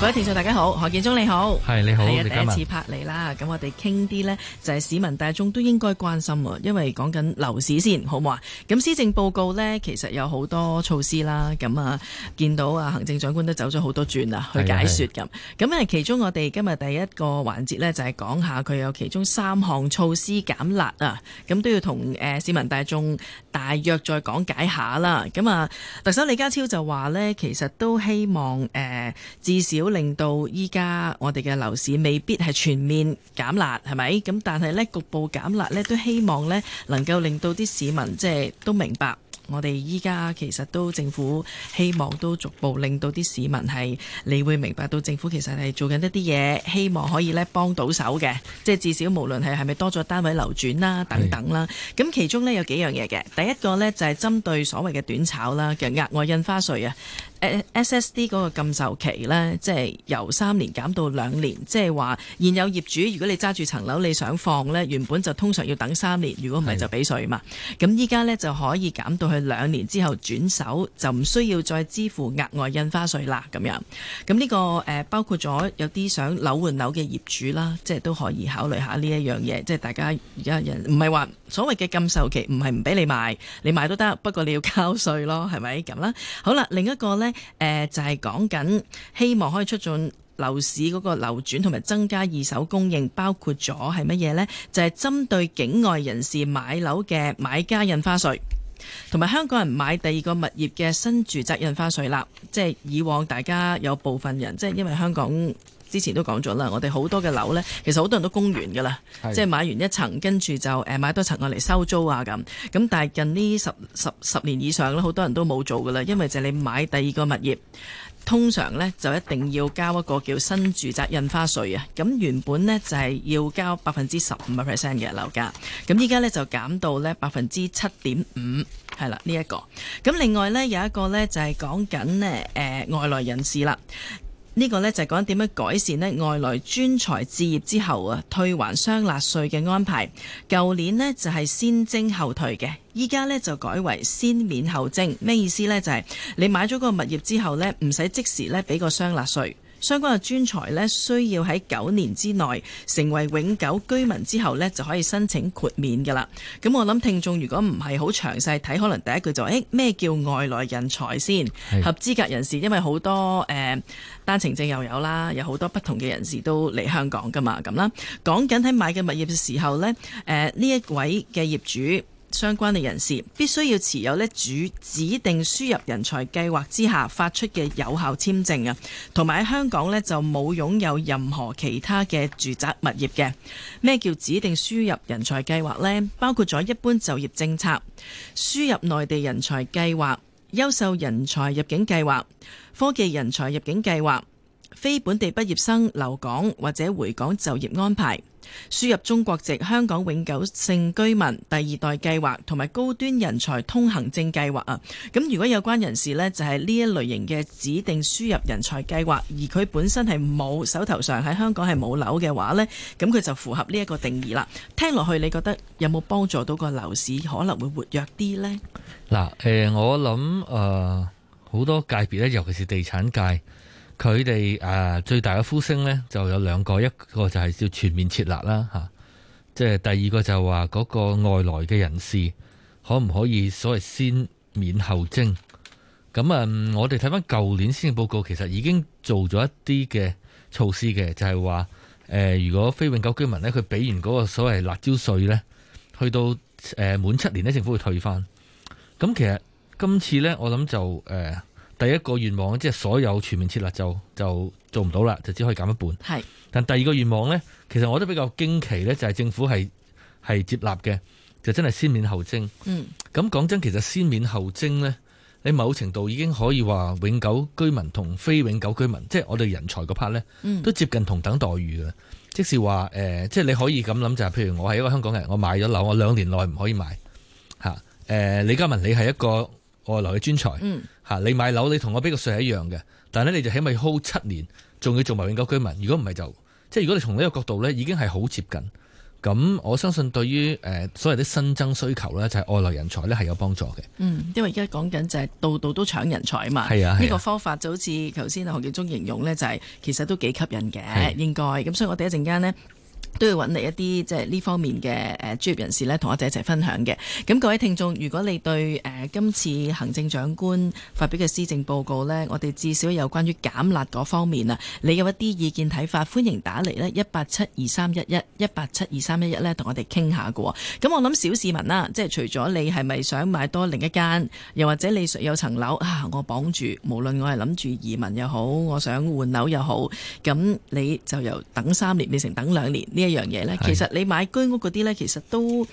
各位聽眾，大家好，何建中你好，係你好，係啊，第一次拍你啦。咁我哋傾啲呢，就係、是、市民大眾都應該關心啊，因為講緊樓市先，好唔好啊？咁施政報告呢，其實有好多措施啦。咁啊，見到啊，行政長官都走咗好多轉啊，去解說咁。咁誒，其中我哋今日第一個環節呢，就係、是、講下佢有其中三項措施減辣啊。咁都要同誒、呃、市民大眾大約再講解下啦。咁啊，特首李家超就話呢，其實都希望誒、呃、至少。令到依家我哋嘅樓市未必係全面減辣，係咪？咁但係咧局部減辣咧，都希望咧能夠令到啲市民即係都明白，我哋依家其實都政府希望都逐步令到啲市民係你會明白到政府其實係做緊一啲嘢，希望可以咧幫到手嘅，即係至少無論係係咪多咗單位流轉啦，等等啦。咁是的 其中咧有幾樣嘢嘅，第一個咧就係針對所謂嘅短炒啦嘅額外印花稅啊。誒 SSD 嗰個禁售期呢，即係由三年減到兩年，即係話現有業主，如果你揸住層樓你想放呢，原本就通常要等三年，如果唔係就俾稅嘛。咁依家呢，就可以減到去兩年之後轉手，就唔需要再支付額外印花稅啦。咁樣，咁呢個誒包括咗有啲想樓換樓嘅業主啦，即係都可以考慮下呢一樣嘢。的即係大家而家人唔係話所謂嘅禁售期，唔係唔俾你賣，你賣都得，不過你要交稅咯，係咪咁啦？好啦，另一個呢。誒、呃，就係講緊希望可以促進樓市嗰個流轉，同埋增加二手供應，包括咗係乜嘢呢？就係、是、針對境外人士買樓嘅買家印花稅，同埋香港人買第二個物業嘅新住宅印花稅啦。即係以往大家有部分人，即係因為香港。之前都講咗啦，我哋好多嘅樓呢，其實好多人都供完噶啦，是即係買完一層，跟住就誒買多層我嚟收租啊咁。咁但係近呢十十十年以上咧，好多人都冇做噶啦，因為就係你買第二個物業，通常呢就一定要交一個叫新住宅印花稅啊。咁原本呢就係要交百分之十五嘅樓價，咁依家呢就減到呢百分之七點五，係啦呢一個。咁另外呢有一個呢，就係講緊呢外來人士啦。呢個呢就係講點樣改善呢外來專才置業之後啊退還雙辣稅嘅安排。舊年呢就係先徵後退嘅，依家呢就改為先免後徵。咩意思呢？就係、是、你買咗嗰個物業之後呢，唔使即時呢俾個雙辣稅。相關嘅專才呢需要喺九年之內成為永久居民之後呢就可以申請豁免㗎啦。咁我諗聽眾如果唔係好詳細睇，可能第一句就係：誒咩叫外來人才先是合資格人士？因為好多誒、呃、單程證又有啦，有好多不同嘅人士都嚟香港噶嘛，咁啦。講緊喺買嘅物業嘅時候呢，誒、呃、呢一位嘅業主。相關嘅人士必須要持有咧主指定輸入人才計劃之下發出嘅有效簽證啊，同埋喺香港呢，就冇擁有，有任何其他嘅住宅物業嘅。咩叫指定輸入人才計劃呢？包括咗一般就業政策、輸入內地人才計劃、優秀人才入境計劃、科技人才入境計劃、非本地畢業生留港或者回港就業安排、輸入中國籍香港永久性居民第二代計劃同埋高端人才通行證計劃啊，咁如果有關人士呢，就係呢一類型嘅指定輸入人才計劃，而佢本身係冇手頭上喺香港係冇樓嘅話呢，咁佢就符合呢一個定義啦。聽落去你覺得有冇幫助到個樓市可能會活躍啲呢？嗱，誒，我諗誒，好多界別咧，尤其是地產界。佢哋、啊、最大嘅呼聲呢，就有兩個，一個就係要全面撤辣啦，即係第二個就話嗰個外來嘅人士可唔可以所謂先免後徵？咁啊、嗯，我哋睇翻舊年施政報告，其實已經做咗一啲嘅措施嘅，就係、是、話、呃、如果非永久居民呢，佢俾完嗰個所謂辣椒稅呢，去到誒、呃、滿七年呢，政府會退翻。咁其實今次呢，我諗就、呃第一個願望即係、就是、所有全面設立就就做唔到啦，就只可以減一半。係是，但第二個願望呢，其實我都比較驚奇呢，就係政府係係接納嘅，就真係先免後徵。嗯，咁講真，其實先免後徵呢，你某程度已經可以話永久居民同非永久居民，即、就、係、是、我哋人才嗰 part 呢，都接近同等待遇嘅、嗯呃，即是話誒，即係你可以咁諗就係，譬如我係一個香港人，我買咗樓，我兩年內唔可以賣嚇。誒、呃，李嘉文，你係一個外來嘅專才。嗯嚇！你買樓，你同我俾個稅係一樣嘅，但係咧你就起碼要 hold 七年，仲要做埋永久居民。如果唔係就，即係如果你從呢個角度咧，已經係好接近。咁我相信對於誒所謂啲新增需求咧，就係、是、外來人才咧係有幫助嘅。嗯，因為而家講緊就係度度都搶人才啊嘛。係啊，呢、啊、個方法就好似頭先何建忠形容咧、就是，就係其實都幾吸引嘅，是應該。咁所以我第一陣間咧。都要揾嚟一啲即係呢方面嘅誒、啊、專業人士呢，同我哋一齊分享嘅。咁各位聽眾，如果你對誒、啊、今次行政長官發表嘅施政報告呢，我哋至少有關於減辣嗰方面啊，你有一啲意見睇法，歡迎打嚟呢一八七二三一一一八七二三一一呢，同我哋傾下嘅喎。咁我諗小市民啦、啊，即係除咗你係咪想多買多另一間，又或者你有層樓啊，我綁住，無論我係諗住移民又好，我想換樓又好，咁你就由等三年變成等兩年。呢一樣嘢呢，其實你買居屋嗰啲呢，其實都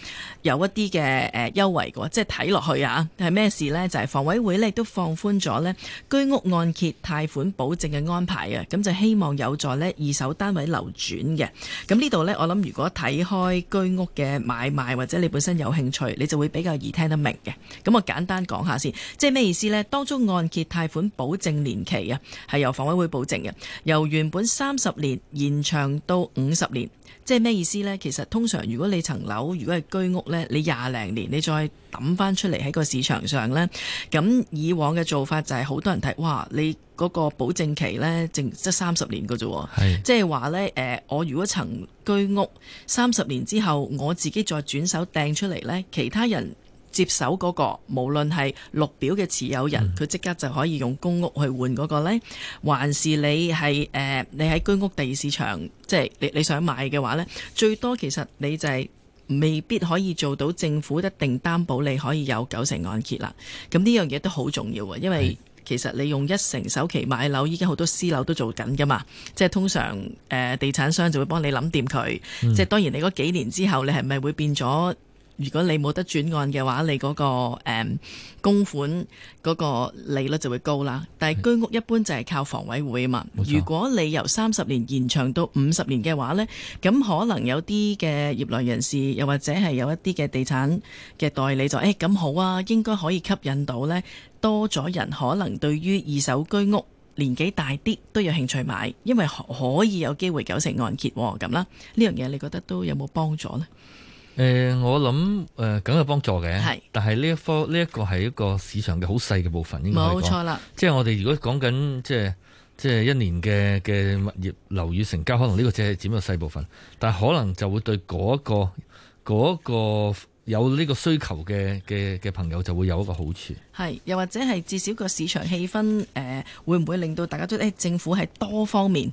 有一啲嘅誒優惠嘅，即係睇落去啊。係咩事呢？就係、是、房委會呢都放寬咗呢居屋按揭貸款保證嘅安排啊。咁就希望有助呢二手單位流轉嘅。咁呢度呢，我諗如果睇開居屋嘅買賣或者你本身有興趣，你就會比較易聽得明嘅。咁我簡單講下先，即係咩意思呢？當中按揭貸款保證年期啊，係由房委會保證嘅，由原本三十年延長到五十年。即係咩意思呢？其實通常如果你層樓如果係居屋呢，你廿零年你再抌翻出嚟喺個市場上呢，咁以往嘅做法就係好多人睇，哇！你嗰個保證期呢，淨即係三十年嘅啫，即係話呢，誒，我如果層居屋三十年之後我自己再轉手掟出嚟呢，其他人。接手嗰、那個無論係綠表嘅持有人，佢即、嗯、刻就可以用公屋去換嗰個咧，還是你係誒、呃、你喺居屋地市場，即係你你想買嘅話咧，最多其實你就係未必可以做到政府一定擔保你可以有九成按揭啦。咁呢樣嘢都好重要啊，因為其實你用一成首期買樓，依家好多私樓都做緊噶嘛，即係通常誒、呃、地產商就會幫你諗掂佢。嗯、即係當然你嗰幾年之後，你係咪會變咗？如果你冇得轉案嘅話，你嗰、嗰個誒、嗯、供款嗰個利率就會高啦。但係居屋一般就係靠房委會啊嘛。錯如果你由三十年延長到五十年嘅話呢，咁可能有啲嘅業內人士，又或者係有一啲嘅地產嘅代理就誒咁、哎、好啊，應該可以吸引到呢多咗人，可能對於二手居屋年紀大啲都有興趣買，因為可以有機會九成按揭咁啦。呢樣嘢你覺得都有冇幫助呢？誒、呃，我諗誒，梗有幫助嘅。係是，但係呢一科呢一個係、這個、一個市場嘅好細嘅部分。應該冇錯啦。即係我哋如果講緊，即係即係一年嘅嘅物業樓宇成交，可能呢個只係佔咗細部分，但係可能就會對嗰、那個嗰個有呢個需求嘅嘅嘅朋友就會有一個好處。係，又或者係至少個市場氣氛，誒、呃，會唔會令到大家都誒，政府係多方面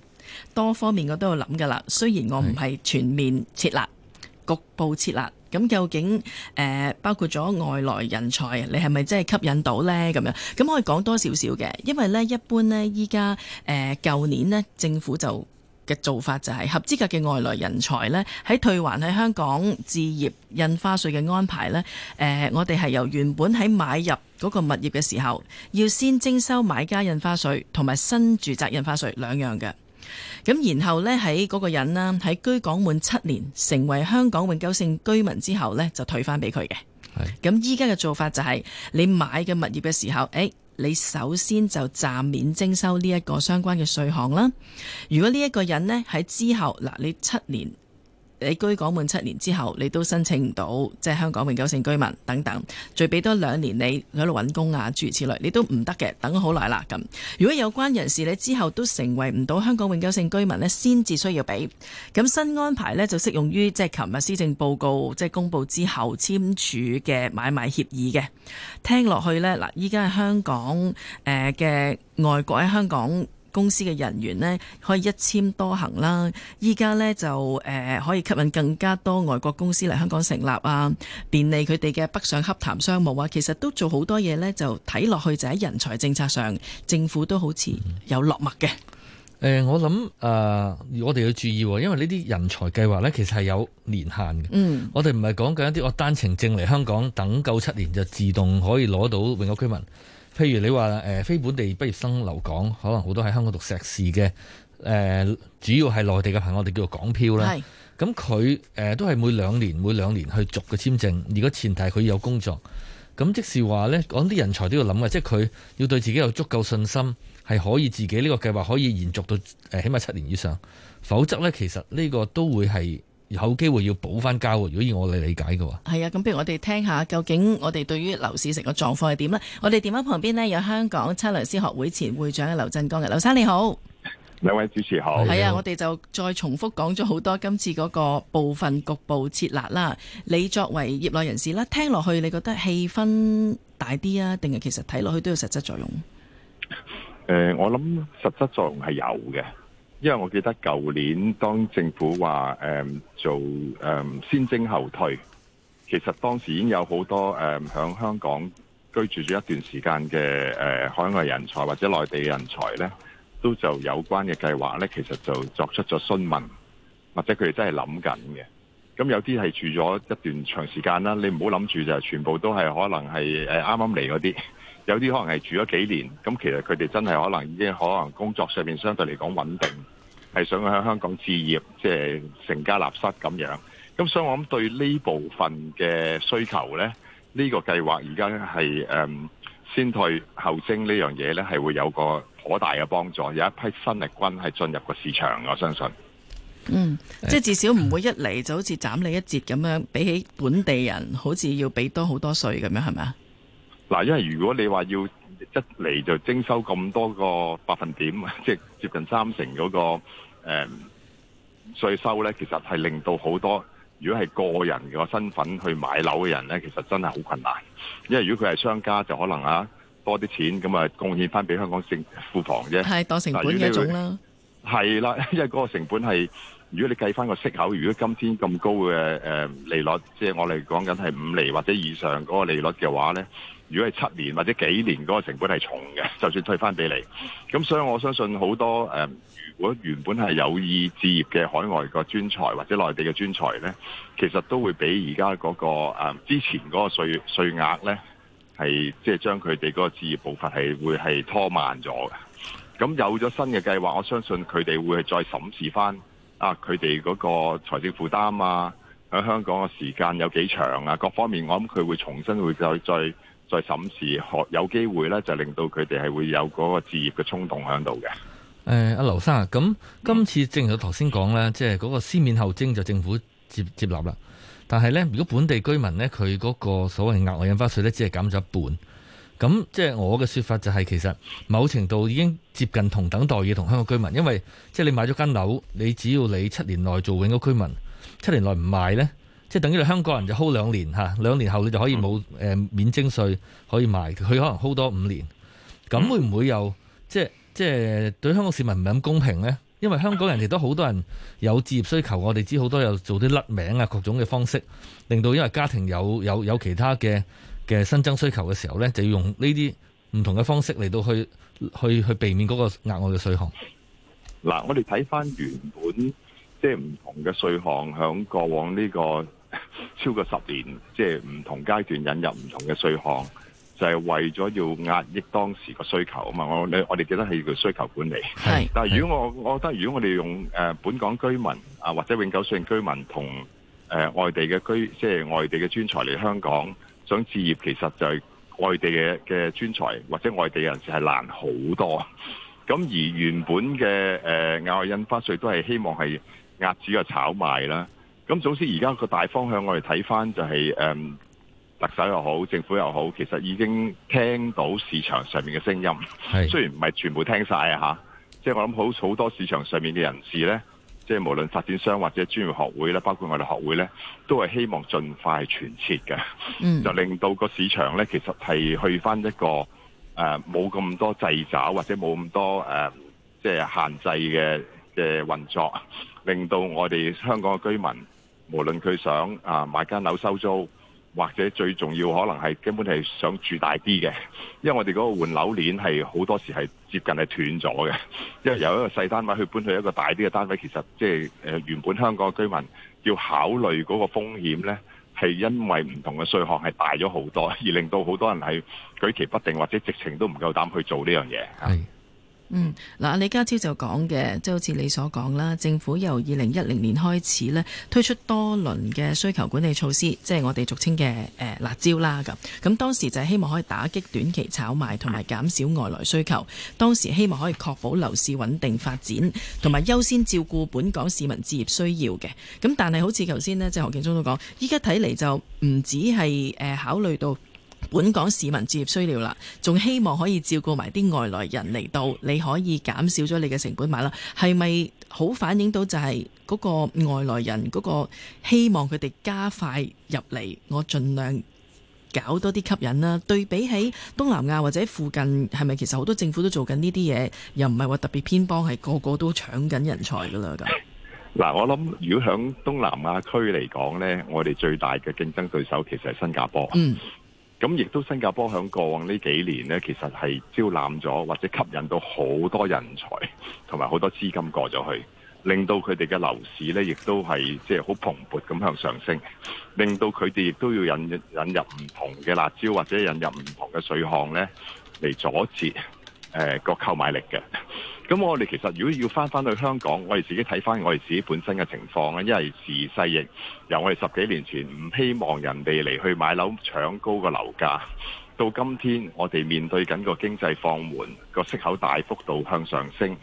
多方面我都要諗噶啦。雖然我唔係全面設立。局部設立，咁究竟誒、呃、包括咗外來人才，你係咪真係吸引到呢？咁樣咁可以講多少少嘅，因為呢一般呢，依家誒舊年呢，政府就嘅做法就係合資格嘅外來人才呢，喺退還喺香港置業印花稅嘅安排呢，誒、呃，我哋係由原本喺買入嗰個物業嘅時候，要先徵收買家印花稅同埋新住宅印花稅兩樣嘅。咁然後呢，喺嗰個人啦，喺居港滿七年，成為香港永久性居民之後呢，就退翻俾佢嘅。係。咁依家嘅做法就係你買嘅物業嘅時候，誒、哎，你首先就暫免徵收呢一個相關嘅稅項啦。如果呢一個人呢，喺之後嗱，你七年。你居港滿七年之後，你都申請唔到即係香港永久性居民等等，再俾多兩年你喺度揾工啊，諸如此類，你都唔得嘅，等好耐啦咁。如果有關人士你之後都成為唔到香港永久性居民呢，先至需要俾。咁新安排呢，就適用於即係琴日施政報告即係公布之後簽署嘅買賣協議嘅。聽落去呢，嗱，依家係香港誒嘅、呃、外國喺香港。公司嘅人員咧，可以一簽多行啦。依家咧就誒，可以吸引更加多外國公司嚟香港成立啊，便利佢哋嘅北上洽談商務啊。其實都做好多嘢呢，就睇落去就喺人才政策上，政府都好似有落墨嘅。誒、嗯呃，我諗誒、呃，我哋要注意，因為呢啲人才計劃呢，其實係有年限嘅。嗯，我哋唔係講緊一啲我單程證嚟香港等夠七年就自動可以攞到永久居民。譬如你話誒、呃，非本地畢業生留港，可能好多喺香港讀碩士嘅，誒、呃，主要係內地嘅朋友，我哋叫做港漂啦。咁佢誒都係每兩年每兩年去續嘅簽證，如果前提佢有工作。咁即是話呢講啲人才都要諗嘅，即係佢要對自己有足夠信心，係可以自己呢個計劃可以延續到誒起碼七年以上。否則呢，其實呢個都會係。有機會要補翻交，如果以我嚟理解嘅話，係啊，咁不如我哋聽下究竟我哋對於樓市成個狀況係點咧？我哋電話旁邊呢，有香港測量師學會前會長劉振江嘅，劉生你好，兩位主持好，係啊，好我哋就再重複講咗好多今次嗰個部分局部設立啦。你作為業內人士啦，聽落去你覺得氣氛大啲啊，定係其實睇落去都有實質作用？誒、呃，我諗實質作用係有嘅。因為我記得舊年當政府話誒、嗯、做誒、嗯、先徵後退，其實當時已經有好多誒響、嗯、香港居住咗一段時間嘅誒、呃、海外人才或者內地人才呢，都就有關嘅計劃呢，其實就作出咗詢問，或者佢哋真係諗緊嘅。咁有啲係住咗一段長時間啦，你唔好諗住就全部都係可能係啱啱嚟嗰啲，有啲可能係住咗幾年，咁其實佢哋真係可能已經可能工作上面相對嚟講穩定。係想喺香港置業，即、就、係、是、成家立室咁樣。咁所以我諗對呢部分嘅需求呢，呢、這個計劃而家係誒先退後徵呢樣嘢呢，係會有個好大嘅幫助，有一批新力軍係進入個市場，我相信。嗯，即係至少唔會一嚟就好似斬你一截咁樣，比起本地人好似要俾多好多稅咁樣，係咪啊？嗱，因為如果你話要。一嚟就徵收咁多個百分點，即係接近三成嗰、個誒、嗯、稅收咧，其實係令到好多如果係個人個身份去買樓嘅人咧，其實真係好困難。因為如果佢係商家，就可能啊多啲錢咁啊，貢獻翻俾香港政庫房啫，係當成本嘅一種啦。係啦，因為嗰個成本係如果你計翻個息口，如果今天咁高嘅誒、呃、利率，即係我哋講緊係五厘或者以上嗰個利率嘅話咧。如果係七年或者幾年嗰個成本係重嘅，就算退翻俾你，咁所以我相信好多誒、嗯，如果原本係有意置業嘅海外嘅專才或者內地嘅專才呢，其實都會比而家嗰個、嗯、之前嗰個稅稅額呢，係即係將佢哋嗰個置業步伐係會係拖慢咗嘅。咁有咗新嘅計劃，我相信佢哋會再審視翻啊，佢哋嗰個財政負擔啊，喺香港嘅時間有幾長啊，各方面我諗佢會重新會再再。再審視，學有機會咧，就令到佢哋係會有嗰個置業嘅衝動喺度嘅。誒、呃，阿劉生啊，咁今次正如頭先講咧，即係嗰個先免後徵就政府接接納啦。但係呢，如果本地居民呢，佢嗰個所謂的額外印花稅呢，只係減咗一半。咁即係我嘅說法就係、是，其實某程度已經接近同等待遇同香港居民，因為即係你買咗間樓，你只要你七年內做永久居，居民，七年內唔賣呢。即係等於香港人就 hold 兩年嚇，兩年後你就可以冇誒免徵稅可以賣，佢可能 hold 多五年，咁會唔會又即係即係對香港市民唔係咁公平呢？因為香港人亦都好多人有置業需求，我哋知好多有做啲甩名啊，各種嘅方式，令到因為家庭有有有其他嘅嘅新增需求嘅時候呢，就要用呢啲唔同嘅方式嚟到去去，去避免嗰個額外嘅稅項。嗱，我哋睇翻原本即係唔同嘅稅項響過往呢個。超過十年，即係唔同階段引入唔同嘅稅項，就係、是、為咗要壓抑當時個需求啊嘛。我你我哋記得係要叫需求管理。係。是，但係如果我我覺得，如果我哋用誒、呃、本港居民啊或者永久性居民同誒、呃、外地嘅居，即係外地嘅專才嚟香港想置業，其實就係外地嘅嘅專才或者外地人士係難好多。咁 而原本嘅誒額外印花稅都係希望係壓止個炒賣啦。咁總之，而家個大方向我、就是，我哋睇翻就係誒特首又好，政府又好，其實已經聽到市場上面嘅聲音。是雖然唔係全部聽晒啊嚇，即係我諗好好多市場上面嘅人士咧，即係無論發展商或者專業學會啦，包括我哋學會咧，都係希望盡快全撤嘅，嗯、就令到個市場咧其實係去翻一個誒冇咁多掣肘或者冇咁多誒、呃、即係限制嘅嘅運作，令到我哋香港嘅居民。無論佢想啊買間樓收租，或者最重要可能係根本係想住大啲嘅，因為我哋嗰個換樓鏈係好多時係接近係斷咗嘅，因為由一個細單位去搬去一個大啲嘅單位，其實即係呃原本香港居民要考慮嗰個風險呢，係因為唔同嘅稅項係大咗好多，而令到好多人係舉棋不定，或者直情都唔夠膽去做呢樣嘢。係。嗯，嗱，李家超就講嘅，即係好似你所講啦，政府由二零一零年開始呢，推出多輪嘅需求管理措施，即係我哋俗稱嘅，呃，辣椒啦，咁咁當時就係希望可以打擊短期炒賣同埋減少外來需求，當時希望可以確保樓市穩定發展同埋優先照顧本港市民置業需要嘅，咁但係好似頭先呢，即何建中都講，依家睇嚟就唔止係，呃，考慮到。本港市民置業需要啦，仲希望可以照顧埋啲外來人嚟到，你可以減少咗你嘅成本買啦。係咪好反映到就係嗰個外來人嗰個希望佢哋加快入嚟？我盡量搞多啲吸引啦。對比起東南亞或者附近，係咪其實好多政府都做緊呢啲嘢？又唔係話特別偏幫，係個個都搶緊人才噶啦咁。嗱、呃，我諗如果響東南亞區嚟講呢，我哋最大嘅競爭對手其實係新加坡。嗯。咁亦都新加坡響過往呢幾年咧，其實係招攬咗或者吸引到好多人才，同埋好多資金過咗去，令到佢哋嘅樓市咧，亦都係即係好蓬勃咁向上升，令到佢哋亦都要引引入唔同嘅辣招或者引入唔同嘅稅項咧，嚟阻截誒個購買力嘅。咁我哋其實如果要翻翻去香港，我哋自己睇翻我哋自己本身嘅情況，因為時世易，由我哋十幾年前唔希望人哋嚟去買樓搶高個樓價，到今天我哋面對緊個經濟放緩，個息口大幅度向上升，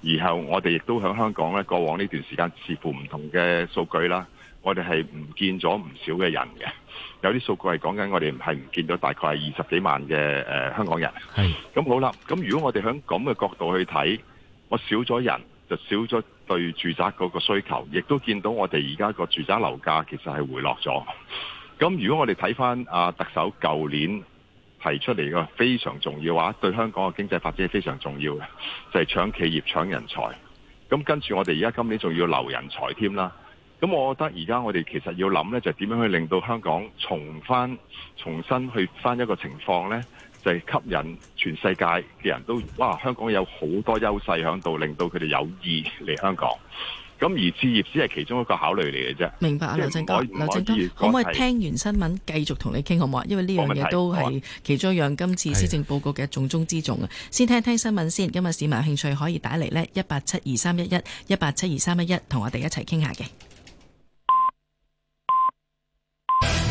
然後我哋亦都喺香港咧過往呢段時間似乎唔同嘅數據啦，我哋係唔見咗唔少嘅人嘅。有啲數據係講緊，我哋唔係唔見到大概係二十幾萬嘅誒香港人。咁是好啦，咁如果我哋響咁嘅角度去睇，我少咗人就少咗對住宅嗰個需求，亦都見到我哋而家個住宅樓價其實係回落咗。咁如果我哋睇翻阿特首舊年提出嚟個非常重要話對香港嘅經濟發展係非常重要嘅，就係、是、搶企業、搶人才。咁跟住我哋而家今年仲要留人才添啦。咁，我覺得而家我哋其實要諗呢，就點樣去令到香港重翻重新去翻一個情況呢？就係吸引全世界嘅人都哇，香港有好多優勢喺度，令到佢哋有意嚟香港。咁而置業只係其中一個考慮嚟嘅啫。明白啊，劉振江，劉振江，可唔可以聽完新聞繼續同你傾好唔好啊？因為呢樣嘢都係其中一樣今次施政報告嘅重中之重啊。係。先聽聽新聞先。今日市民有興趣可以打嚟呢：一八七二三一一一八七二三一一，同我哋一齊傾下嘅。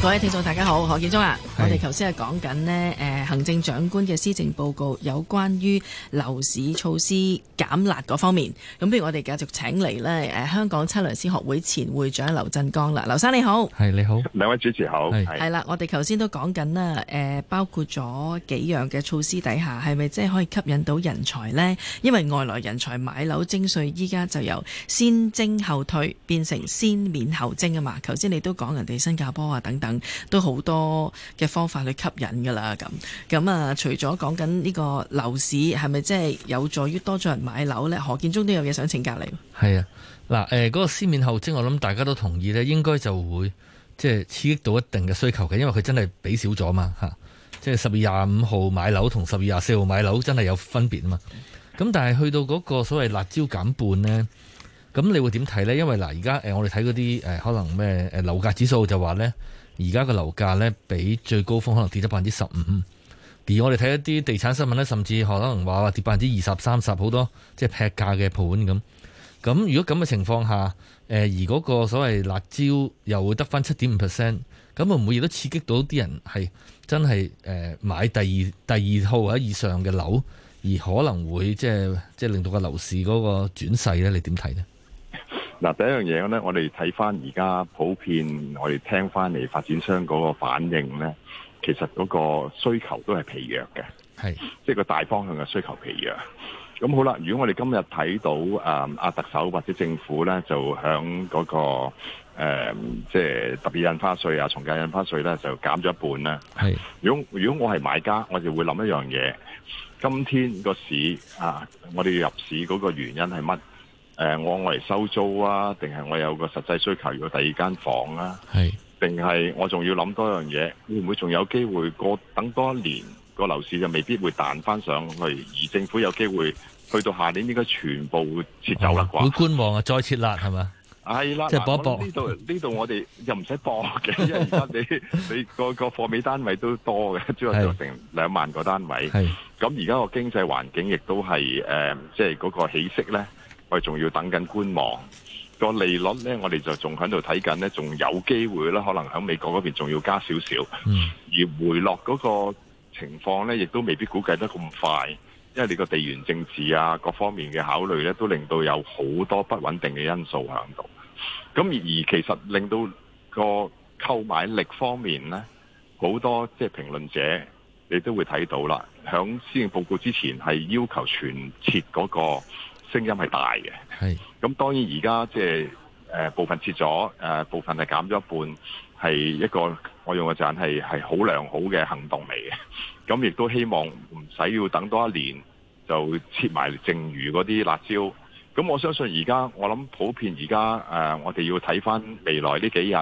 各位聽眾大家好，何建忠啊！是我哋頭先係講緊咧，誒、呃、行政長官嘅施政報告有關於樓市措施減辣嗰方面。咁不如我哋繼續請嚟咧，誒、呃、香港測量師學會前會長劉振江啦。劉生你好，係你好，兩位主持好，係啦是。我哋頭先都講緊啦，誒、呃、包括咗幾樣嘅措施底下，係咪即係可以吸引到人才咧？因為外來人才買樓徵稅，依家就由先徵後退變成先免後徵啊嘛。頭先你都講人哋新加坡啊等等。都好多嘅方法去吸引噶啦，咁咁啊！除咗講緊呢個樓市係咪即係有助於多咗人買樓咧？何建中都有嘢想請教你。係啊，嗱、呃，誒，嗰個先免後徵，我諗大家都同意咧，應該就會即係刺激到一定嘅需求嘅，因為佢真係俾少咗嘛吓、啊，即係十二廿五號買樓同十二廿四號買樓真係有分別啊嘛。咁但係去到嗰個所謂辣椒減半咧，咁你會點睇咧？因為嗱，而家誒，我哋睇嗰啲誒，可能咩誒、呃、樓價指數就話咧。而家嘅樓價呢，比最高峰可能跌咗百分之十五，而我哋睇一啲地產新聞呢，甚至可能話話跌百分之二十三十好多，即係劈價嘅盤咁。咁如果咁嘅情況下，誒而嗰個所謂辣椒又會得翻七點五 percent，咁會唔會亦都刺激到啲人係真係誒買第二第二套或者以上嘅樓，而可能會即係即係令到樓的個樓市嗰個轉勢呢？你點睇呢？嗱，第一樣嘢咧，我哋睇翻而家普遍我哋聽翻嚟發展商嗰個反應咧，其實嗰個需求都係疲弱嘅，是即係個大方向嘅需求疲弱。咁好啦，如果我哋今日睇到啊阿、嗯、特首或者政府咧，就響嗰、嗰個、呃、即係特別印花稅啊、重價印花稅咧，就減咗一半啦是。如果如果我係買家，我就會諗一樣嘢，今天個市啊，我哋入市嗰個原因係乜？誒、呃，我嚟收租啊，定係我有個實際需求要第二間房啊？係是，定係我仲要諗多樣嘢？會唔會仲有機會過等多一年個樓市就未必會彈翻上去？而政府有機會去到下年應該全部撤走啦啩？哦、吧會觀望啊，再撤辣係嘛？係 啦，即係搏一搏。呢度呢度我哋 又唔使搏嘅，因為而家你 你個個貨尾單位都多嘅，最多做成兩萬個單位。係是。咁而家個經濟環境亦都係誒，即係嗰個起色咧。我仲要等緊觀望個利率呢，我哋就仲喺度睇緊呢。仲有機會啦，可能喺美國嗰邊仲要加少少，嗯、而回落嗰個情況呢，亦都未必估計得咁快，因為你個地緣政治啊各方面嘅考慮呢，都令到有好多不穩定嘅因素喺度。咁而其實令到個購買力方面呢，好多即係評論者你都會睇到啦。響施政報告之前係要求全撤嗰、嗰個。聲音係大嘅，咁當然而家即係誒部分撤咗，誒、呃、部分係減咗一半，係一個我用嘅字眼係係好良好嘅行動嚟嘅，咁亦都希望唔使要等多一年就撤埋剩餘嗰啲辣招，咁我相信而家我諗普遍而家誒我哋要睇翻未來呢幾日。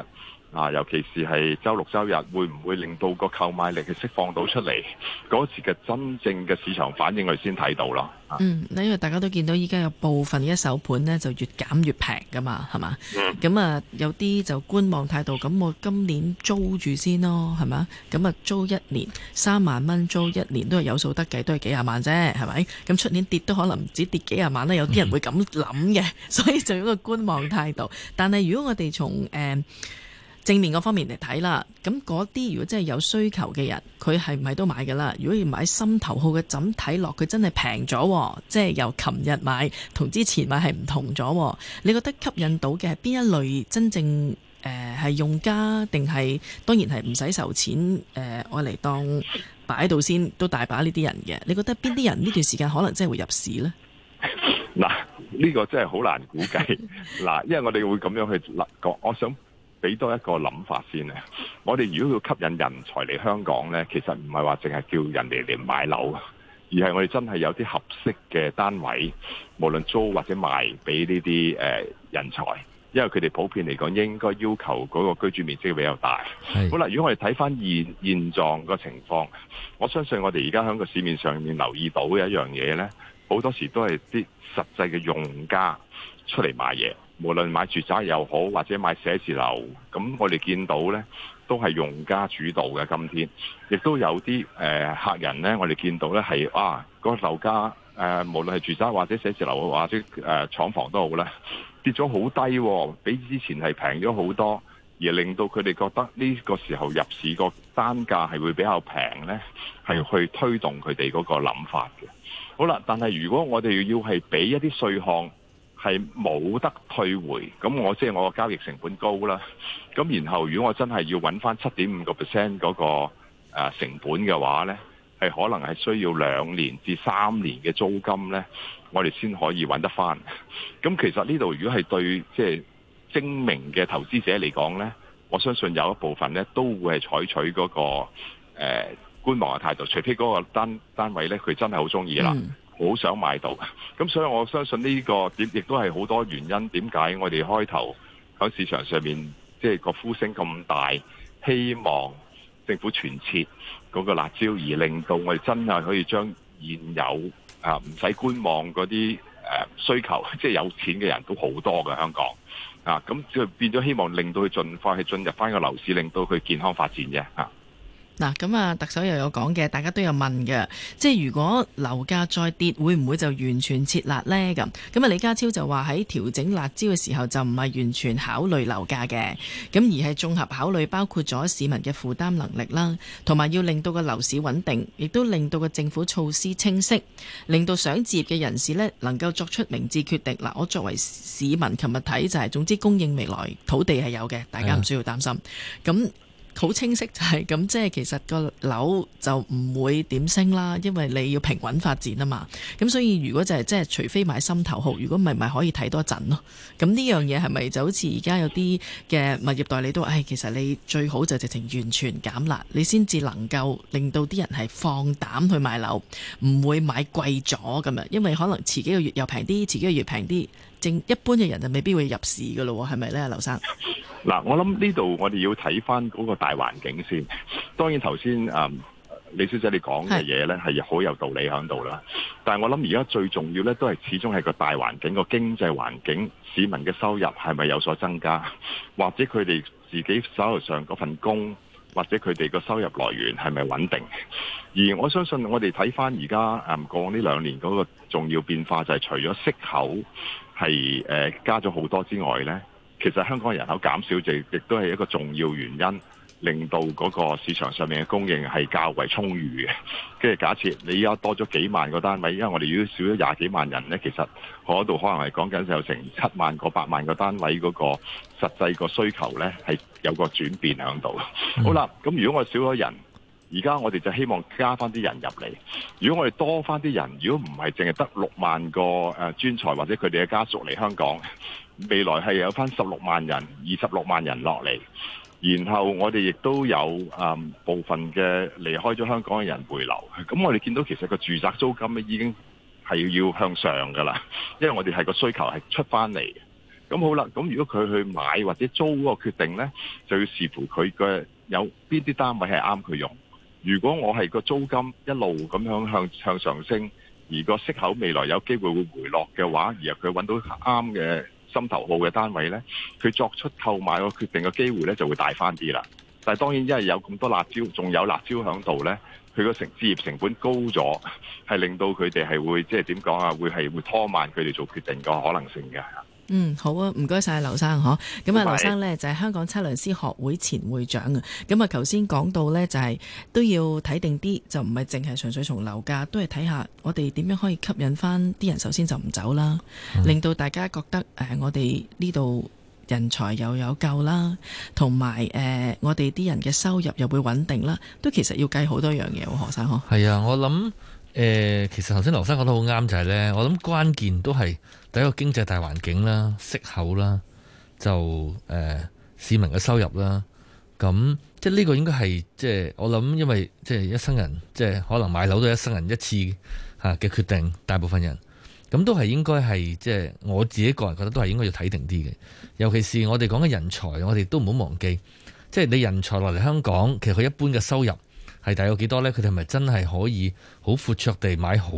啊，尤其是係周六周日，會唔會令到個購買力去釋放到出嚟？嗰時嘅真正嘅市場反應才看，佢先睇到咯。嗯，因為大家都見到依家有部分一手盤呢就越減越平噶嘛，係嘛？咁啊、嗯，有啲就觀望態度，咁我今年租住先咯，係嘛？咁啊，租一年三萬蚊租一年都係有數得計，都係幾廿萬啫，係咪？咁出年跌都可能唔止跌幾廿萬啦，有啲人會咁諗嘅，嗯、所以就用一個觀望態度。 但係如果我哋從誒，嗯正面嗰方面嚟睇啦，咁嗰啲如果真係有需求嘅人，佢係唔係都買㗎啦？如果要買心頭好嘅枕睇落，佢真係平咗，即係由琴日買同之前買係唔同咗。你覺得吸引到嘅係邊一類真正誒係、呃、用家，定係當然係唔使愁錢誒我嚟當擺到先都大把呢啲人嘅。你覺得邊啲人呢段時間可能真係會入市呢？嗱，呢、這個真係好難估計，嗱， 因為我哋會咁樣去講，我、awesome、想。俾多一個諗法先，我哋如果要吸引人才嚟香港咧，其實唔係話淨係叫人哋嚟買樓，而係我哋真係有啲合適嘅單位，無論租或者賣俾呢啲人才，因為佢哋普遍嚟講應該要求嗰個居住面積比較大。是好啦，如果我哋睇翻現現狀個情況，我相信我哋而家喺個市面上面留意到嘅一樣嘢咧，好多時都係啲實際嘅用家出嚟買嘢。無論買住宅又好，或者買寫字樓，咁我哋見到呢都係用家主導嘅。今天亦都有啲誒、呃、客人呢，我哋見到呢係啊，個樓價誒、呃，無論係住宅或者寫字樓或者誒、呃、廠房都好呢，跌咗好低、哦，比之前係平咗好多，而令到佢哋覺得呢個時候入市個單價係會比較平呢，係去推動佢哋嗰個諗法嘅。好啦，但係如果我哋要係俾一啲稅項。係冇得退回，咁我即係、就是、我個交易成本高啦。咁然後，如果我真係要揾翻七點五個 percent 嗰個誒成本嘅話呢，係可能係需要兩年至三年嘅租金呢，我哋先可以揾得翻。咁其實呢度如果係對即係、就是、精明嘅投資者嚟講呢，我相信有一部分呢都會係採取嗰、那個誒、呃、觀望嘅態度，除非嗰個單、單位呢，佢真係好中意啦。嗯好想買到，咁所以我相信呢個點亦都係好多原因，點解我哋開頭喺市場上面即係、就是、個呼聲咁大，希望政府全撤嗰個辣招，而令到我哋真係可以將現有啊，唔使觀望嗰啲誒需求，即、就、係、是、有錢嘅人都好多嘅香港啊，咁就變咗希望令到佢盡快，去進入返個樓市，令到佢健康發展嘅嗱，咁啊，特首又有講嘅，大家都有問嘅，即係如果樓價再跌，會唔會就完全撤辣咧？咁，咁啊，李家超就話，喺調整辣椒嘅時候，就唔係完全考慮樓價嘅，咁而係綜合考慮包括咗市民嘅負擔能力啦，同埋要令到個樓市穩定，亦都令到個政府措施清晰，令到想置業嘅人士咧能夠作出明智決定。嗱，我作為市民，琴日睇就係、是、總之供應未來土地係有嘅，大家唔需要擔心。咁 Yeah.。好清晰就係咁，即係其實個樓就唔會點升啦，因為你要平穩發展啊嘛。咁所以如果就係即係除非買心頭號，如果唔係咪可以睇多陣咯。咁呢樣嘢係咪就好似而家有啲嘅物業代理都話，哎，其實你最好就直情完全減辣，你先至能夠令到啲人係放膽去買樓，唔會買貴咗咁樣，因為可能遲幾個月又平啲，遲幾個月平啲。正一般嘅人就未必會入市噶咯，係咪咧，劉生？嗱，我諗呢度我哋要睇翻嗰個大環境先。當然頭先啊李小姐你講嘅嘢咧係好有道理響度啦。的但係我諗而家最重要咧都係始終係個大環境個經濟環境，市民嘅收入係咪有所增加，或者佢哋自己手頭上嗰份工，或者佢哋個收入來源係咪穩定？而我相信我哋睇翻而家誒過往呢兩年嗰個重要變化就係除咗息口。係誒、呃、加咗好多之外呢，其實香港人口減少就亦都係一個重要原因，令到嗰個市場上面嘅供應係較為充裕嘅。即係假設你依家多咗幾萬個單位，因為我哋要少咗廿幾萬人呢，其實度可能係講緊有成七萬個、八萬個單位嗰個實際個需求呢，係有個轉變喺度。嗯、好啦，咁如果我少咗人。而家我哋就希望加翻啲人入嚟。如果我哋多翻啲人，如果唔係淨係得六萬個誒專才或者佢哋嘅家屬嚟香港，未來係有翻十六萬人、二十六萬人落嚟。然後我哋亦都有誒部分嘅離開咗香港嘅人回流。咁我哋見到其實個住宅租金咧已經係要向上㗎啦，因為我哋係個需求係出翻嚟。咁好啦，咁如果佢去買或者租嗰個決定咧，就要視乎佢嘅有邊啲單位係啱佢用。如果我係個租金一路咁樣向向上升，而個息口未來有機會會回落嘅話，而佢揾到啱嘅心頭好嘅單位呢，佢作出購買個決定嘅機會呢就會大翻啲啦。但係當然，因為有咁多辣招，仲有辣招喺度呢，佢個成置業成本高咗，係令到佢哋係會即係點講啊？會係會拖慢佢哋做決定個可能性嘅。嗯，好啊，唔該晒劉生呵。咁啊，劉生，劉生呢，就係、是、香港測量師學會前會長啊。咁啊，頭先講到呢，就係、是、都要睇定啲，就唔係淨係純粹從樓價，都係睇下我哋點樣可以吸引翻啲人，首先就唔走啦，嗯、令到大家覺得誒、呃、我哋呢度人才又有夠啦，同埋誒我哋啲人嘅收入又會穩定啦。都其實要計好多樣嘢喎、啊，何生呵。係啊，我諗。誒、呃，其實頭先劉生講得好啱，就係、是、呢。我諗關鍵都係第一個經濟大環境啦、息口啦，就誒、呃、市民嘅收入啦。咁即係呢個應該係即係我諗，因為即係一生人即係可能買樓都一生人一次嚇嘅、啊、決定，大部分人咁都係應該係即係我自己個人覺得都係應該要睇定啲嘅。尤其是我哋講嘅人才，我哋都唔好忘記，即係你人才落嚟香港，其實佢一般嘅收入。係大約幾多呢？佢哋係咪真係可以好闊綽地買好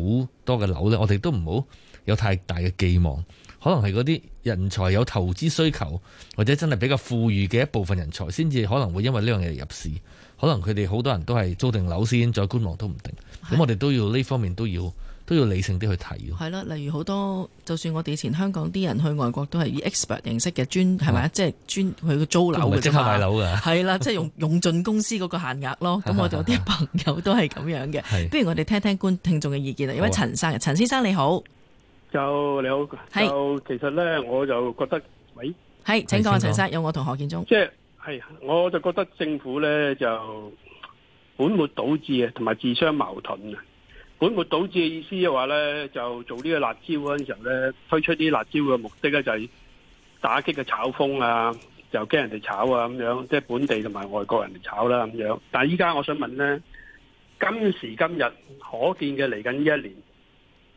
多嘅樓呢？我哋都唔好有太大嘅寄望，可能係嗰啲人才有投資需求，或者真係比較富裕嘅一部分人才，先至可能會因為呢樣嘢入市。可能佢哋好多人都係租定樓先再觀望都唔定。咁的我哋都要呢方面都要。都要理性啲去睇係啦，例如好多，就算我哋以前香港啲人去外國都係以 expert 形式嘅專係嘛，即係專去租樓嘅啫。即係買樓嘅係啦，即係用用盡公司嗰個限額咯。咁、 嗯、我有啲朋友都係咁樣嘅。 的不如我哋聽聽觀聽眾嘅意見啊。的有位陳生啊？陳先生,陳先生你好，就你好。係是。其實咧，我就覺得，喂、哎，係，請講陳生。有我同何建忠。即係，我就覺得政府咧就本末倒置啊，同埋自相矛盾啊。本末倒置嘅意思嘅話咧，就做呢個辣招嗰陣時候咧，推出啲辣招嘅目的咧就係打擊嘅炒風啊，就驚人哋炒啊咁樣，即係本地同埋外國人嚟炒啦、啊、咁樣。但係依家我想問咧，今時今日可見嘅嚟緊呢一年，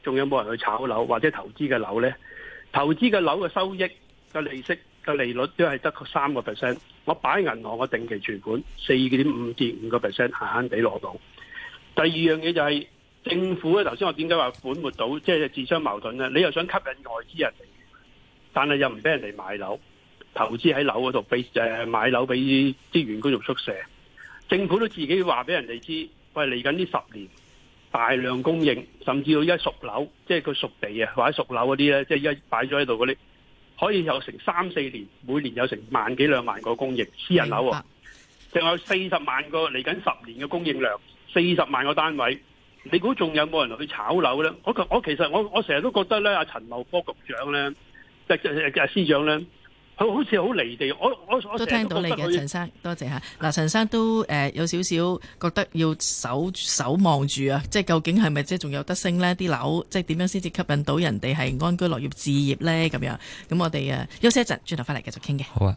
仲有冇人去炒樓或者投資嘅樓咧？投資嘅樓嘅收益、嘅利息、嘅利率都係得個三個 percent。我擺喺銀行我定期存款四點五至五個 percent，慳慳地攞到。第二樣嘢就係、是。政府咧、啊，頭先我點解話管沒到，即係自相矛盾咧？你又想吸引外資人嚟，但係又唔俾人哋買樓、投資喺樓嗰度，俾買樓俾啲員工住宿舍。政府都自己話俾人哋知，喂，嚟緊呢十年大量供應，甚至到而家熟樓，即係佢熟地啊，或者熟樓嗰啲咧，即係而家擺咗喺度嗰啲，可以有成三四年，每年有成萬幾兩萬個供應私人樓喎、啊，仲有四十萬個嚟緊十年嘅供應量，四十萬個單位。你估仲有冇人去炒樓咧？我我其實我我成日都覺得咧，阿陳茂波局長咧，即係誒司長咧，佢好似好離地。我我，我都，都聽到你嘅陳生，多謝嚇嗱、啊。陳生都誒、呃、有少少覺得要守守望住啊，即係究竟係咪即係仲有得升呢啲樓即係點樣先至吸引到人哋係安居樂業置業咧？咁樣咁我哋誒休息一陣，轉頭翻嚟繼續傾嘅。好啊。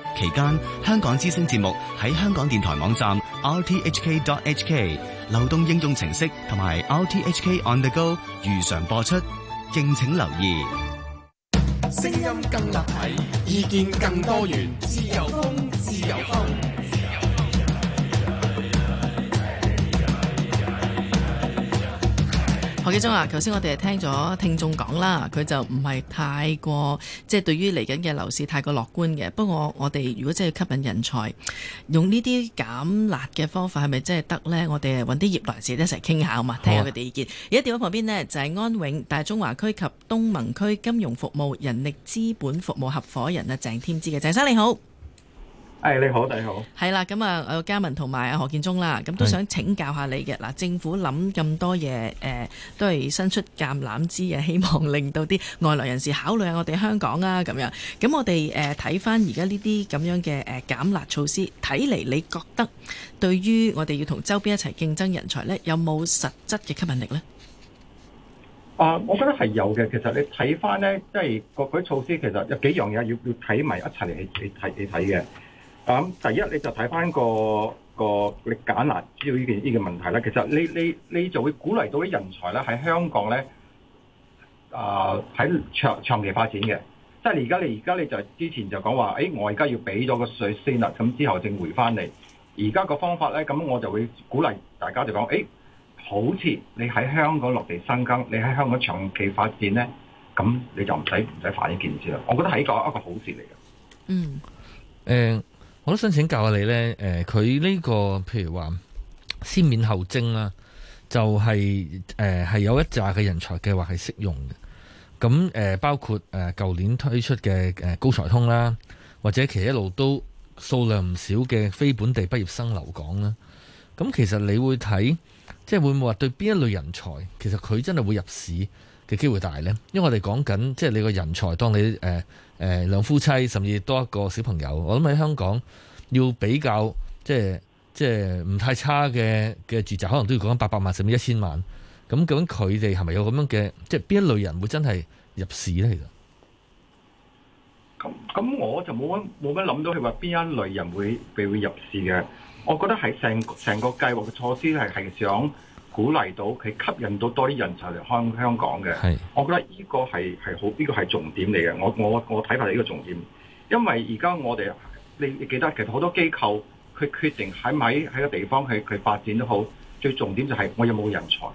期間，香港之聲節目喺香港電台網站 rthk.hk、流動應用程式同埋 rthk on the go 如常播出，敬請留意。聲音更立體，意見更多元，自由風，自由風。何基忠啊，頭先我哋聽聽咗聽眾講啦，佢就唔係太過即係、就是、對於嚟緊嘅樓市太過樂觀嘅。不過我哋如果真係吸引人才，用呢啲減辣嘅方法係咪真係得呢？我哋係揾啲業內人士一齊傾下好嘛，聽下佢哋意見。而家電話旁邊呢，就係、是、安永大中華區及東盟區金融服務人力資本服務合夥人啊，鄭添之嘅鄭生你好。誒，你好，你好，係啦，咁啊，我嘉文同埋阿何建忠啦，咁都想請教下你嘅嗱。政府諗咁多嘢，誒，都係伸出橄欖枝嘅，希望令到啲外來人士考慮下我哋香港啊，咁樣。咁我哋誒睇翻而家呢啲咁樣嘅誒減辣措施，睇嚟你覺得對於我哋要同周邊一齊競爭人才咧，有冇實質嘅吸引力咧？啊，我覺得係有嘅。其實你睇翻咧，即係嗰嗰啲措施，其實有幾樣嘢要要睇埋一齊嚟嚟睇嚟睇嘅。咁第一你就睇翻個個力簡難知道呢件呢個問題啦。其實你你你就會鼓勵到啲人才咧喺香港咧，啊喺長長期發展嘅。即係你而家你而家你就之前就講話，誒我而家要俾咗個稅先啦，咁之後正回翻嚟。而家個方法咧，咁我就會鼓勵大家就講，誒好似你喺香港落地生根，你喺香港長期發展咧，咁你就唔使唔使反呢件事啦。我覺得係一個一個好事嚟嘅。嗯，誒。我都想請教下你呢。誒、呃，佢呢、這個譬如話先免後徵啦、啊，就係誒係有一紮嘅人才計劃係適用嘅，咁誒、呃、包括誒舊、呃、年推出嘅誒、呃、高才通啦，或者其實一路都數量唔少嘅非本地畢業生留港啦，咁其實你會睇，即係會唔會話對邊一類人才，其實佢真係會入市？嘅機會大咧，因為我哋講緊即係你個人才，當你誒誒、呃呃、兩夫妻，甚至多一個小朋友，我諗喺香港要比較即係即係唔太差嘅嘅住宅，可能都要講緊八百萬甚至一千萬。咁究竟佢哋係咪有咁樣嘅？即係邊一類人會真係入市咧？其實，咁咁我就冇冇乜諗到係話邊一類人會會入市嘅。我覺得係成成個計劃嘅措施係係想。鼓勵到佢吸引到多啲人才嚟香港嘅，的我覺得呢個係係好，呢個係重點嚟嘅。我我我睇法係呢個重點，因為而家我哋你記得，其實好多機構佢決定喺咪喺個地方去去發展都好，最重點就係我有冇人才。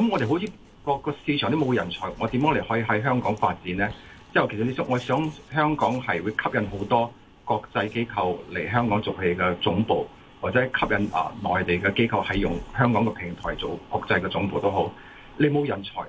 咁我哋好似個個，個市場都冇人才，我點樣嚟可以喺香港發展呢？之後其實你想，我想香港係會吸引好多國際機構嚟香港做佢嘅總部。或者吸引啊內地嘅機構係用香港嘅平台做國際嘅總部都好，你冇人才，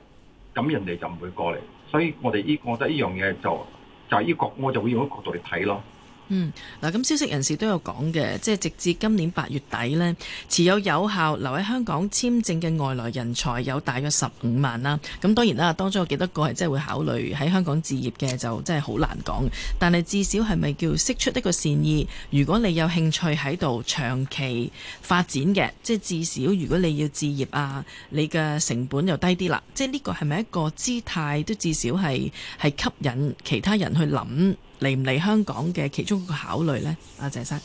咁人哋就唔會過嚟，所以我哋呢，我覺得呢樣嘢就就係呢個，我就會用一個角度嚟睇咯。嗯，嗱，咁消息人士都有講嘅，即係直至今年八月底呢，持有有效留喺香港簽證嘅外來人才有大約十五萬啦。咁當然啦，當中有幾多個係真係會考慮喺香港置業嘅，就真係好難講。但係至少係咪叫釋出一個善意？如果你有興趣喺度長期發展嘅，即係至少如果你要置業啊，你嘅成本又低啲啦。即係呢個係咪一個姿態都至少係係吸引其他人去諗？嚟唔嚟香港嘅其中一個考慮呢？阿謝生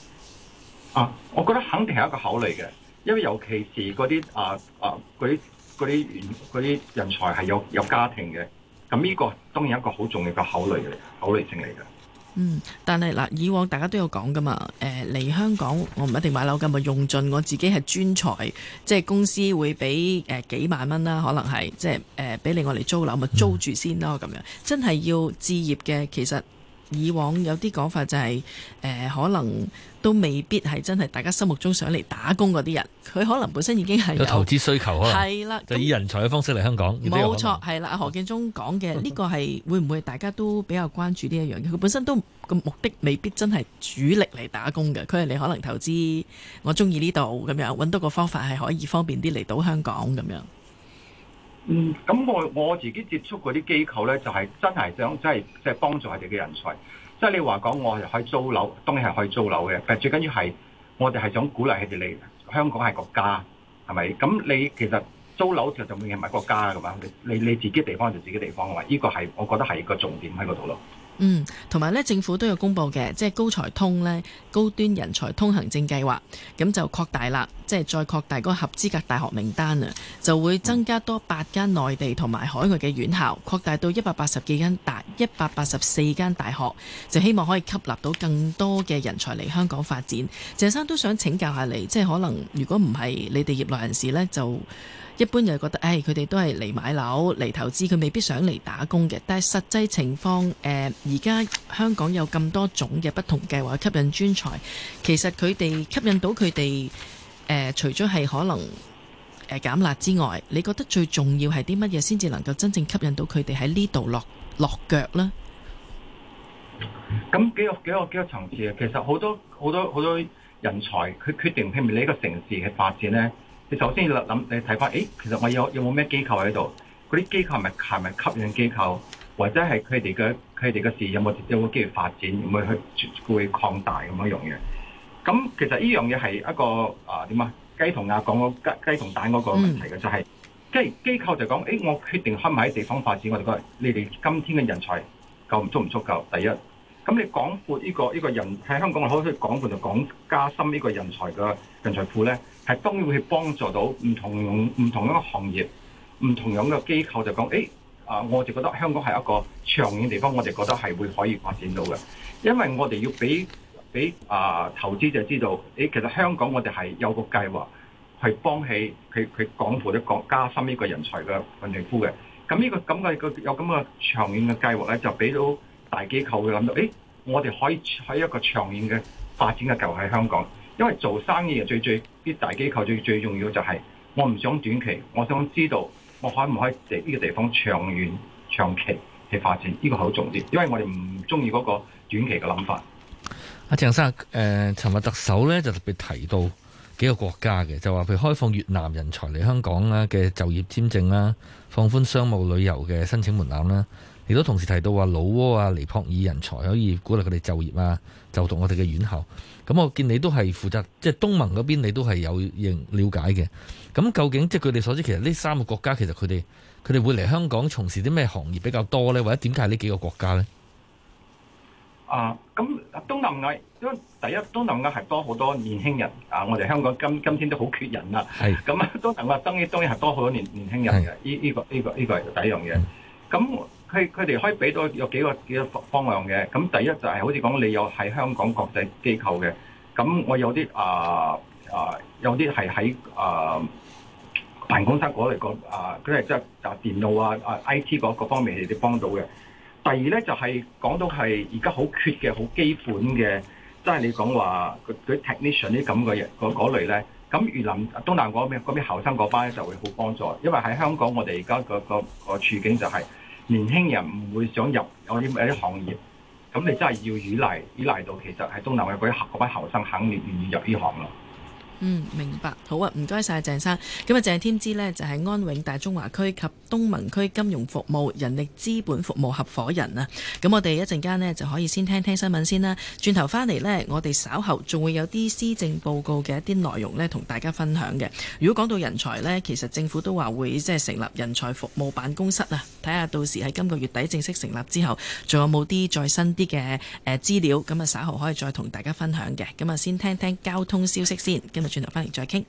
啊，我覺得肯定係一個考慮嘅，因為尤其是嗰啲啊啊嗰啲嗰啲嗰啲人才係有有家庭嘅，咁呢個當然一個好重要嘅考慮嘅考慮性嚟嘅。嗯，但係嗱，以往大家都有講㗎嘛。誒、呃、嚟香港，我唔一定買樓㗎，咪用盡我自己係專才，即、就、係、是、公司會俾誒、呃、幾萬蚊啦，可能係即係誒俾你我嚟租樓，咪租住先咯。咁、嗯、樣真係要置業嘅，其實。以往有啲講法就係、是、誒、呃，可能都未必係真係大家心目中想嚟打工嗰啲人，佢可能本身已經係有，有投資需求，可能係啦，是的就以人才嘅方式嚟香港，冇、嗯嗯、錯係啦。何建忠講嘅呢個係會唔會大家都比較關注呢一樣嘅？佢本身都個目的未必真係主力嚟打工嘅，佢係你可能投資我中意呢度咁樣，揾到個方法係可以方便啲嚟到香港咁樣。嗯，咁我我自己接觸嗰啲機構咧，就係真係想即係即係幫助佢哋嘅人才。即係你話講，我係可以租樓，當然係可以租樓嘅。但係最緊要係，我哋係想鼓勵佢哋嚟香港係國家，係咪？咁你其實租樓其實仲未係咪國家㗎嘛？你你你自己地方就自己地方㗎嘛？呢個係我覺得係一個重點喺嗰度咯。嗯，同埋咧，政府都有公布嘅，即係高才通呢，高端人才通行證計劃，咁就擴大啦，即係再擴大嗰個合資格大學名單啊，就會增加多八間內地同埋海外嘅院校，擴大到一百八十幾間，達一百八十四間大學，就希望可以吸納到更多嘅人才嚟香港發展。鄭生，都想請教下你，即係可能如果唔係你哋業內人士呢，就一般就覺得誒，佢哋都係嚟買樓嚟投資，佢未必想嚟打工嘅。但係實際情況誒。呃而家香港有咁多種嘅不同計劃吸引專才，其實佢哋吸引到佢哋誒，除咗係可能誒減辣之外，你覺得最重要係啲乜嘢先至能夠真正吸引到佢哋喺呢度落落腳呢？咁幾個幾個幾個層次嘅，其實好多好多好多人才佢決定係咪呢個城市嘅發展呢？你首先要諗，你睇翻，誒、欸，其實我有有冇咩機構喺度？嗰啲機構咪係咪吸引機構？或者係佢哋嘅佢哋嘅事有冇有冇機會發展，會，會去會擴大咁樣樣嘅。咁其實呢樣嘢係一個啊點啊雞同鴨講嗰雞同蛋嗰個問題嘅，就係，就係機機構就講，誒、欸、我決定開唔喺地方發展，我哋覺你哋今天嘅人才夠唔足唔足夠？第一，咁你廣闊呢、呢個呢、呢個人喺香港，我可以廣闊到加深呢個人才嘅人，人才庫咧，係當然會幫助到唔同唔同一個行業，唔同樣嘅機構就講，誒、欸。啊！我哋覺得香港係一個長遠的地方，我哋覺得係會可以發展到嘅，因為我哋要俾俾啊投資者知道，誒，其實香港我哋係有個計劃去，係幫起佢佢廣闊啲國加深呢個人才嘅供應庫嘅。咁呢個咁嘅個有咁嘅長遠嘅計劃咧，就俾到大機構會諗到，誒、欸、我哋可以喺一個長遠嘅發展嘅舊喺香港，因為做生意嘅最最啲大機構最最重要就係我唔想短期，我想知道。我可唔可以嚟呢個地方長遠長期去發展？呢、這個好重要，因為我哋唔中意嗰個短期嘅諗法。阿鄭、啊、生，誒、呃，尋日特首咧就特別提到幾個國家嘅，就話譬如開放越南人才嚟香港啦嘅就業簽證啦，放寬商務旅遊嘅申請門檻啦，亦都同時提到話老撾啊尼泊爾人才可以鼓勵佢哋就業啊，就讀我哋嘅院校。咁我見你都係負責即係、就是、東盟嗰邊，你都係有認瞭解嘅。咁究竟即係佢哋所知，其實呢三個國家其實佢哋佢哋會嚟香港從事啲咩行業比較多咧？或者點解呢幾個國家咧？啊，咁東南亞，因第一東南亞係多好多年輕人啊！我哋香港今今天都好缺人啦。係咁是，東南亞當然當然係多好多年年輕人嘅。呢依是、這個依、這個依、這個係第一樣嘢。咁佢佢哋可以俾到有幾個幾個方方向嘅？咁第一就係、是、好似講你有喺香港國際機構嘅，咁我有啲啊啊有啲係喺啊。呃辦公室嗰類嚟講啊，佢係即係啊電腦啊啊 I T 嗰方面係啲幫到嘅。第二咧就係、是、講到係而家好缺嘅好基本嘅，即係你講話佢佢 t e c h n i c i a n 啲咁嘅嘢嗰類咧。咁越南東南嗰邊嗰邊後生嗰班咧就會好幫助，因為喺香港我哋而家個個個處境就係年輕人唔會想入我啲有啲行業，咁你真係要依賴依賴到其實喺東南嗰啲班後生肯定願意入呢行咯。嗯，明白。好啊，唔該晒鄭生。咁啊，鄭添之咧就係安永大中華區及東盟區金融服務人力資本服務合夥人啊。咁我哋一陣間咧就可以先聽聽新聞先啦。轉頭翻嚟咧，我哋稍後仲會有啲施政報告嘅一啲內容咧，同大家分享嘅。如果講到人才咧，其實政府都話會即係成立人才服務辦公室啊。睇下到時喺今個月底正式成立之後仲有冇啲再新啲嘅誒資料，咁啊稍後可以再同大家分享嘅。咁啊，先聽聽交通消息先，今日轉頭翻嚟再傾。